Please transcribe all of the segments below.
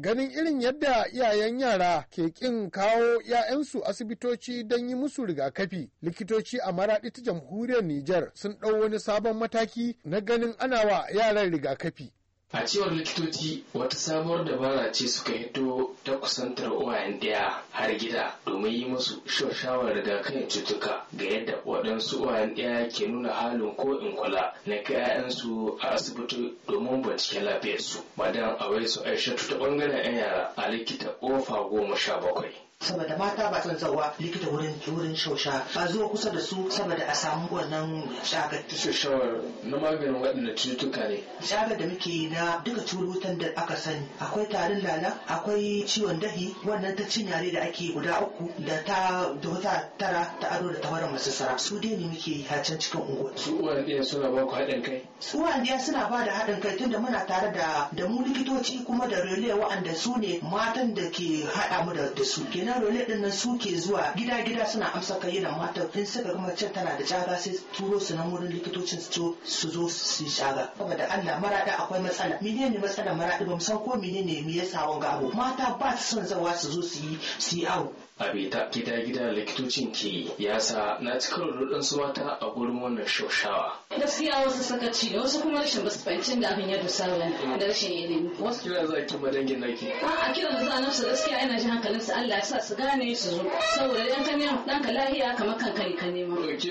ganin irin yadda iyayen yara ke ƙin kawo 'ya'yansu asibitoci don yi musu rigakafi likitoci a maraɗi ta jamhuriyar Nijar sun ɗau wani sabon mataki na ganin ana wa yaran rigakafi a cewar likitoci wata sabuwar dabara ce suka hito ta kusantar uwayen ɗaya har gida domin yi musu shawarar kan cutuka ga yadda waɗansu uwayen ɗaya ke nuna halin ko in kula na kai 'ya'yansu a asibiti domin cikin lafiyarsu madan awaisu aishatu ta ɓangaren 'yan yara a likita kofa goma sha bakwai saboda mata ba son tsawa likita wurin wurin shausha a zuwa kusa da su saboda a samu wannan shagar shawar na maganin waɗanda cututtuka ne shagar da muke na duka cututtukan da aka sani akwai tarin lala akwai ciwon dahi wannan ta cinyare da ake guda uku da ta da wata tara ta ado da tawaran masu sara su dai ne muke hacen cikin unguwa su uwan iya suna ba ku haɗin kai su uwan iya suna ba da haɗin kai tunda muna tare da da mu likitoci kuma da rele wa'anda su ne matan da ke haɗa mu da su ina lole din nan suke zuwa gida gida suna amsa kai da mata in suka ga mace tana da jaga sai turo su nan wurin likitocin su su zo su Kuma da Allah marada akwai matsala menene matsala maradi ba mu san ko menene me yasa wanga abu mata ba su son zawa su zo su yi su yi awo ta gida gida likitocin ke yasa na ci karo da mata a gurin wannan shaushawa. Gaskiya wasu sakaci da wasu kuma rashin basu fahimci da abin ya dusa da rashin ilimi. Wasu kira za ki madangin naki. A'a kira da za a nafsa gaskiya ina jin su Allah ya sa sa su gane su zo saboda dan ka nemo dan ka lahiya kamar kan kai ka nema ke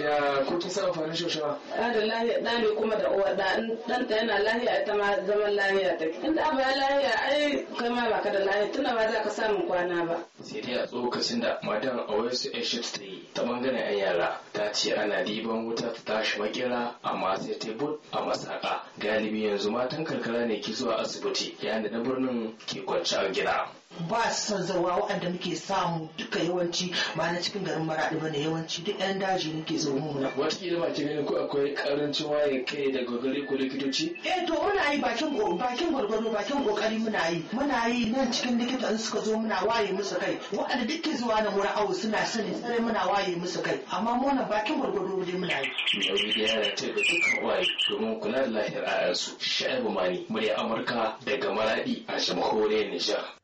ya ko sa amfanin shoshawa a da lahiya da ne kuma da uwa da dan ta yana lahiya ita ma zaman lahiya ta in da ba lahiya ai kai ma baka da lahiya tunda ba za ka samu kwana ba sai dai a tsokacin da madan a wasu ta yi ta bangaren yan yara ta ce ana diban wuta ta tashi makera amma sai ta but a masaka galibi yanzu matan karkara ne ki zuwa asibiti yayin da na birnin ke kwanci a gida ba son zawa waɗanda muke samu duka yawanci ba na cikin garin maraɗi ba ne yawanci duk yan daji muke zaune mu na. Wataƙila ba ki ganin ko akwai ƙarancin waye kai daga gare ku likitoci? Eh to muna yi bakin bakin gwargwaro bakin ƙoƙari muna yi muna yi nan cikin likita in suka zo muna waye musu kai waɗanda duk ke zuwa na mura awo suna sani sai muna waye musu kai amma muna bakin gwargwaro ne muna yi. Nauyi da yara ta ga dukkan waye domin kula da lafiyar 'ya'yansu. Sha'ibu Mani, murya Amurka daga Maraɗi a jamhuriyar Nijar.